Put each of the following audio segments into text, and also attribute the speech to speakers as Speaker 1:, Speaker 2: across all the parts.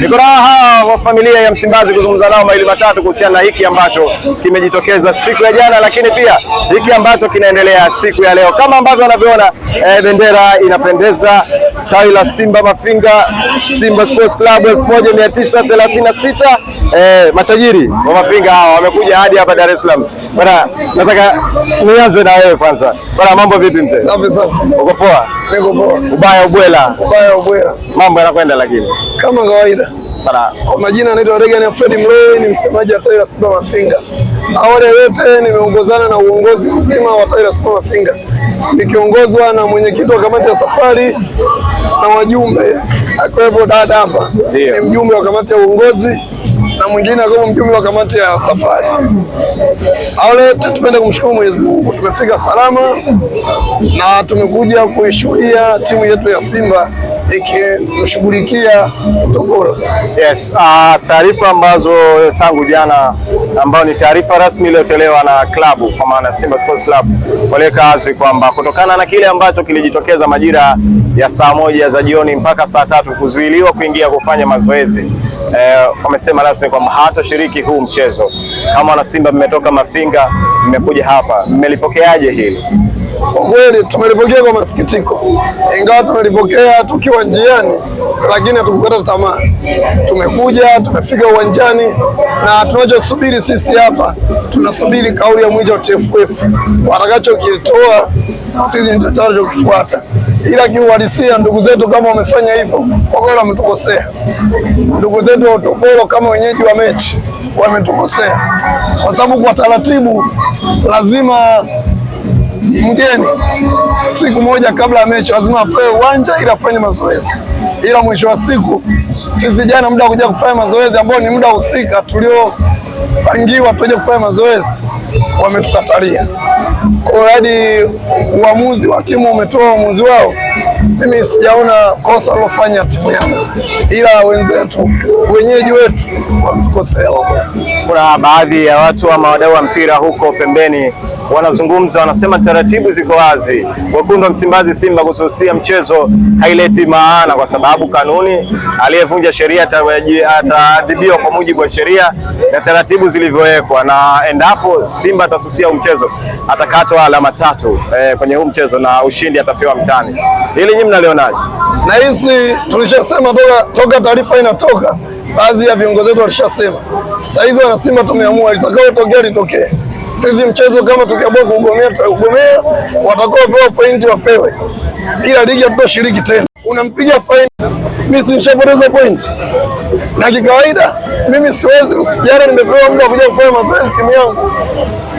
Speaker 1: Niko hawa wa familia ya Msimbazi kuzungumza nao mawili matatu kuhusiana na hiki ambacho kimejitokeza siku ya jana, lakini pia hiki ambacho kinaendelea siku ya leo. Kama ambavyo wanavyoona, eh, bendera inapendeza tawi la Simba Mafinga, Simba Sports Club 1936. Eh, matajiri wa Mafinga hawa wamekuja hadi hapa Dar es Salaam Bwana, Nataka nianze na wewe kwanza Bwana, mambo vipi mzee? Safi sana. Uko poa? Niko poa. Ubaya ubwela? Ubaya ubwela. Mambo yanakwenda lakini kama kawaida. Bwana, kwa majina anaitwa Regan Fred Mloi, ni msemaji wa tawi la Simba Mafinga. Awali yote nimeongozana na uongozi mzima wa tawi la Simba Mafinga ikiongozwa na mwenyekiti wa kamati ya safari na wajumbe, akiwepo dada hapa ni mjumbe wa kamati ya uongozi na mwingine akiwepo mjumbe wa kamati ya safari. Aulete tupende kumshukuru Mwenyezi Mungu, tumefika salama na tumekuja kuishuhudia timu yetu ya Simba ikimshughulikia Mtogoro. Yes, uh, taarifa ambazo tangu jana ambayo ni taarifa rasmi iliyotolewa na klabu kwa maana Simba Sports Club waleka wazi kwamba kutokana na kile ambacho kilijitokeza majira ya saa moja za jioni mpaka saa tatu kuzuiliwa kuingia kufanya mazoezi eh, wamesema rasmi kwamba hatoshiriki huu mchezo. Kama wanasimba mmetoka Mafinga mmekuja hapa, mmelipokeaje hili? Kwa kweli tumelipokea kwa masikitiko, ingawa tumelipokea tukiwa njiani, lakini hatukukata tamaa. Tumekuja, tumefika uwanjani na tunachosubiri sisi hapa, tunasubiri kauli ya mwija wa TFF watakachokitoa, sisi ndio tutakachokifuata ila kiuhalisia, ndugu zetu kama wamefanya hivyo, kwa kweli wametukosea. Ndugu zetu wa Utogoro kama wenyeji wa mechi wametukosea, kwa sababu kwa taratibu lazima mgeni siku moja kabla ya mechi lazima apewe uwanja ili afanye mazoezi, ila mwisho wa siku sisi jana, muda wa kuja kufanya mazoezi ambao ni muda husika tuliopangiwa tuje kufanya mazoezi, wametukatalia hadi uamuzi wa timu umetoa uamuzi wao, mimi sijaona kosa alofanya timu yangu, ila wenzetu wenyeji wetu wamekosea. Kuna baadhi ya watu ama wadau wa mpira huko pembeni wanazungumza, wanasema taratibu ziko wazi. Wekundu wa Msimbazi Simba kususia mchezo haileti maana, kwa sababu kanuni, aliyevunja sheria ataadhibiwa kwa mujibu wa sheria na taratibu zilivyowekwa, na endapo Simba atasusia mchezo atakata atatoa alama tatu eh, kwenye huu mchezo na ushindi atapewa mtani. Hili nyinyi mnalionaje? Na hizi tulishasema toka, toka taarifa inatoka, baadhi ya viongozi wetu walishasema. Sasa hizi wanasimba tumeamua litakayotokea litokee. Sisi mchezo kama tukiamua kuugomea watakao pewa pointi wapewe, ila ligi hatutoshiriki tena unampiga faini. Mimi nishapoteza point, na kikawaida mimi siwezi. Jana nimepewa muda kuja kufanya mazoezi timu yangu,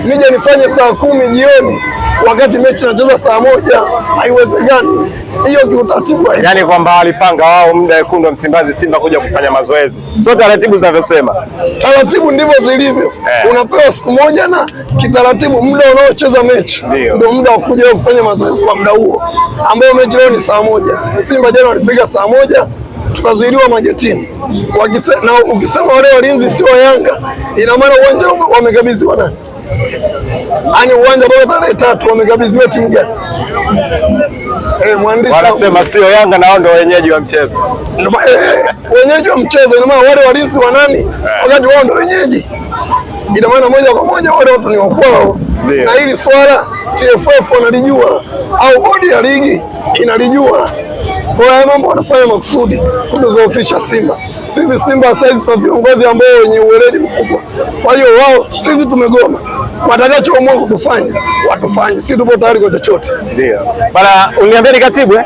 Speaker 1: nije nifanye saa kumi jioni wakati mechi nacheza saa moja. Haiwezekani hiyo kiutaratibu. Yani kwamba walipanga wao muda wekundu wa Msimbazi Simba kuja kufanya mazoezi, sio taratibu zinavyosema. Taratibu ndivyo zilivyo yeah. Unapewa siku moja na kitaratibu, muda unaocheza mechi ndio muda wa kuja kufanya mazoezi kwa muda huo, ambao mechi leo ni saa moja. Simba jana walifika saa moja tukazuiliwa magetini Wakise, na ukisema wale walinzi sio Yanga, ina maana uwanja wamekabidhiwa nani? Yaani uwanja ambao tarehe tatu wamekabidhiwa timu gani? Eh, wanasema sio Yanga na wao wenyeji wa mchezo eh, eh, wenyeji wa mchezo, ina maana wale walinzi wa nani, wakati wao ndio wenyeji. Ina maana moja kwa moja wale watu ni wa kwao, na hili swala TFF wanalijua au bodi ya ligi inalijua. Kwa hiyo mambo wanafanya makusudi kutuzoofisha Simba. Sisi Simba saizi kwa viongozi ambao wenye uweledi mkubwa, kwa hiyo wao, sisi tumegoma watakachoamua kutufanya watufanye, si tupo tayari kwa chochote. Ndio bana, uniambia ni katibu eh,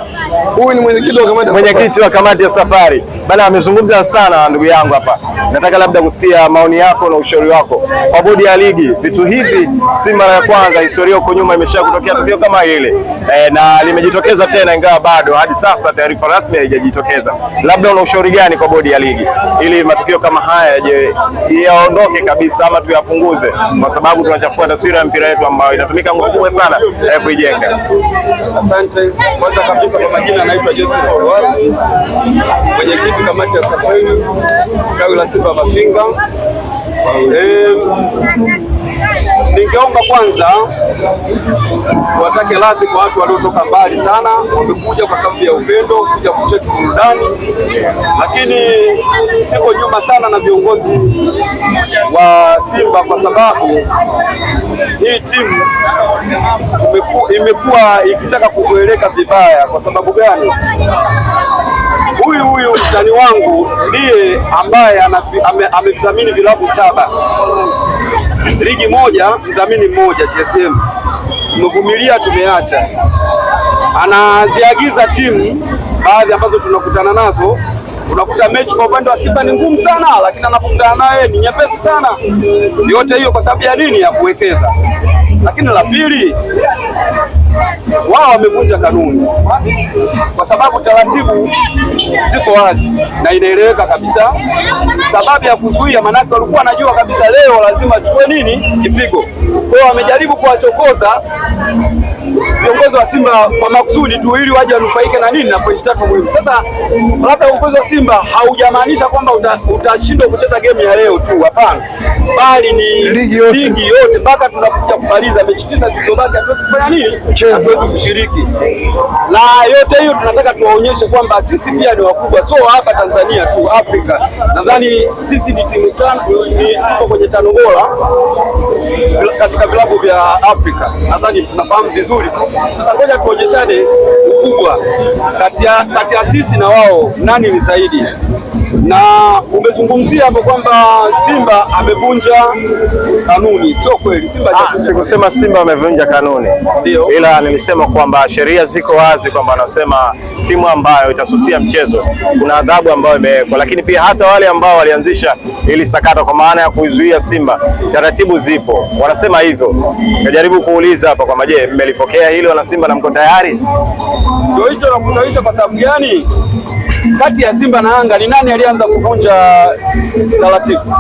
Speaker 1: huyu ni mwenyekiti wa kamati, mwenyekiti wa kamati ya safari bana. Amezungumza sana ndugu yangu hapa, nataka labda kusikia maoni yako na ushauri wako kwa bodi ya ligi. Vitu hivi si mara ya kwanza, historia huko nyuma imesha kutokea tukio kama hili e, na limejitokeza tena, ingawa bado hadi sasa taarifa rasmi haijajitokeza. Labda una ushauri gani kwa bodi ya ligi ili matukio kama haya yaondoke kabisa ama tuyapunguze, kwa sababu tuna kuichafua taswira ya mpira wetu ambayo inatumika nguvu kubwa sana eh, kuijenga. Asante. Kwanza kabisa kwa majina anaitwa Joseph Olwasi, mwenyekiti kamati ya safari tawi la Simba Mafinga. Eh, Ningeomba kwanza watake radhi kwa watu waliotoka mbali sana, wamekuja kwa sababu ya upendo, kuja kuchetu burudani, lakini siko nyuma sana na viongozi wa Simba kwa sababu hii timu imekuwa ikitaka kuzoeleka vibaya. Kwa sababu gani? Huyu huyu mtani wangu ndiye ambaye amevithamini ame vilabu saba ligi moja, mdhamini mmoja TSM, tumevumilia, tumeacha, anaziagiza timu baadhi ambazo tunakutana nazo unakuta mechi kwa upande wa Simba ni ngumu sana, lakini anapokutana naye ni nyepesi sana. Yote hiyo kwa sababu ya nini? Ya kuwekeza. Lakini la pili, wao wamevunja kanuni, kwa sababu taratibu ziko wazi na inaeleweka kabisa sababu ya kuzuia, maanake walikuwa wanajua kabisa leo lazima chukue nini kipigo. Kwa hiyo wamejaribu kuwachokoza viongozi wa Simba kwa makusudi tu ili waje wanufaike na nini na pointi tatu muhimu. Sasa labda uongozi wa Simba haujamaanisha kwamba utashindwa uta kucheza game ya leo tu, hapana, bali ni ligi yote mpaka tunakuja kumaliza mechi tisa zilizobaki, hatuwezi kufanya nini, hatuwezi kushiriki. Na yote hiyo tunataka tuwaonyeshe kwamba sisi pia ni wakubwa, sio hapa Tanzania tu, Afrika. Nadhani sisi ni timu tano, ni tuko kwenye tano bora katika vilabu vya Afrika, nadhani tunafahamu vizuri. Sasa ngoja tuonyeshane ukubwa kati ya sisi na wao, nani ni zaidi na umezungumzia hapo kwamba Simba amevunja kanuni. Sio kweli, Simba ah, sikusema Simba amevunja kanuni Dio. Ila nilisema kwamba sheria ziko wazi kwamba anasema timu ambayo itasusia mchezo kuna adhabu ambayo imewekwa, lakini pia hata wale ambao walianzisha ili sakata kwa maana ya kuizuia Simba, taratibu zipo, wanasema hivyo. Najaribu kuuliza hapa kwamba je, mmelipokea hilo na Simba na mko tayari? Ndio hicho, nakuuliza kwa sababu gani kati ya Simba na Yanga ni nani alianza kuvunja taratibu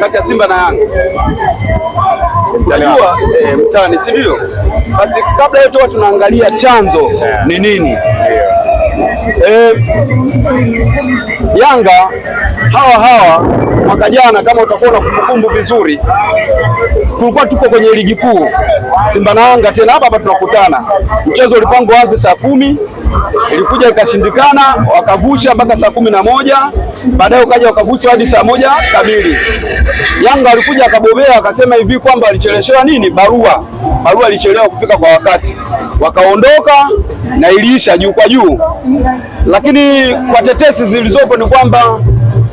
Speaker 1: kati ya Simba na Yanga? Najua eh, mtani si ndio? Basi kabla yetu tunaangalia chanzo eh. ni nini eh, Yanga hawa hawa mwaka jana, kama utakuwa na kumbukumbu vizuri, tulikuwa tuko kwenye ligi kuu Simba na Yanga tena hapa hapa tunakutana. Mchezo ulipangwa anze saa kumi ilikuja ikashindikana, wakavusha mpaka saa kumi na moja baadaye ukaja wakavusha hadi saa moja kamili. Yanga walikuja akabobea, akasema hivi kwamba alicheleweshewa nini barua, barua ilichelewa kufika kwa wakati wakaondoka na iliisha juu kwa juu. Lakini kwa tetesi zilizopo ni kwamba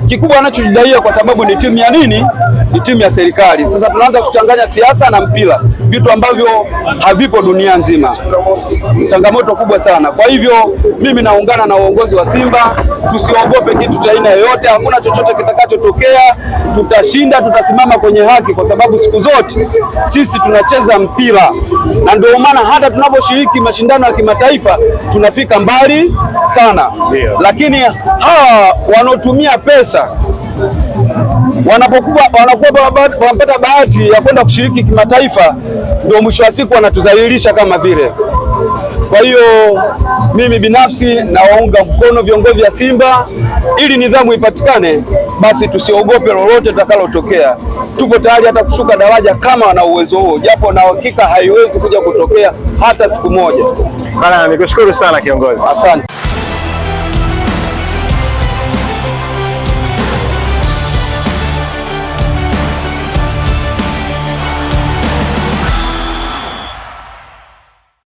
Speaker 1: kikubwa anachojidaia kwa sababu ni timu ya nini ni timu ya serikali. Sasa tunaanza kuchanganya siasa na mpira, vitu ambavyo havipo dunia nzima, changamoto kubwa sana. Kwa hivyo mimi naungana na uongozi wa Simba, tusiogope kitu cha aina yoyote, hakuna chochote kitakachotokea. Tutashinda, tutasimama kwenye haki, kwa sababu siku zote sisi tunacheza mpira, na ndio maana hata tunaposhiriki mashindano ya kimataifa tunafika mbali sana, yeah. Lakini hawa wanaotumia pesa wanapokuwa wanakuwa wanapata bahati ya kwenda kushiriki kimataifa, ndio mwisho wa siku wanatudhalilisha kama vile. Kwa hiyo mimi binafsi nawaunga mkono viongozi wa Simba ili nidhamu ipatikane, basi tusiogope lolote litakalotokea. Tupo tayari hata kushuka daraja kama wana uwezo huo, japo na hakika haiwezi kuja kutokea hata siku moja. Bana, nikushukuru sana kiongozi, asante.